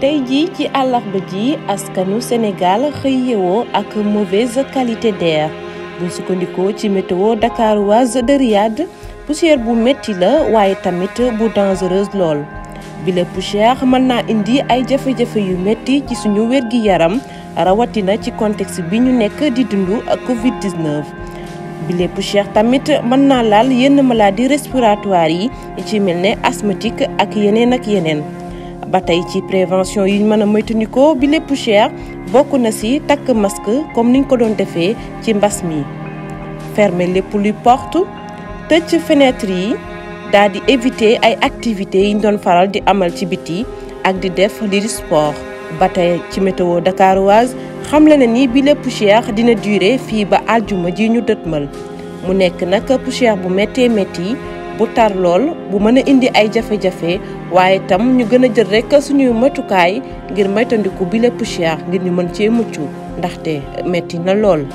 tey jii ci àllarba ji askanu Sénégal xëy ak mauvaise qualité d'air bu sukkandikoo ci météo dakaroise de Riyad poussière bu métti la waaye tamit bu dangereuse lool bile poussière mën naa indi ay jafe-jafe yu metti ci suñu wér yaram rawatina ci contexte bi ñu nekk di dund ak Covid-19 bile poussière tamit mën naa laal yenn maladie respiratoire yi ci mel ne asthmatique ak yeneen ak yeneen ba tey ci prévention yi ñu mën a moytandikoo bi lépp cher bokk na ci takk masque comme niñ ko doon defee ci mbas mi. fermer lépp luy porte tëj fenêtre yi daal di éviter ay activités yi doon faral di amal ci biti ak di def li di sport. ba tey ci météo dakaroise xamle na ni bi lépp dina durer fii ba aljuma ji ñu dëtmal mu nekk nag poussière bu méttee métti bu tar lool bu mën a indi ay jafe-jafe waaye tam ñu gën a jël rek suñuy matukaay ngir moytandiku bi lépp cher ngir ñu mën cee mucc ndaxte metti na lool.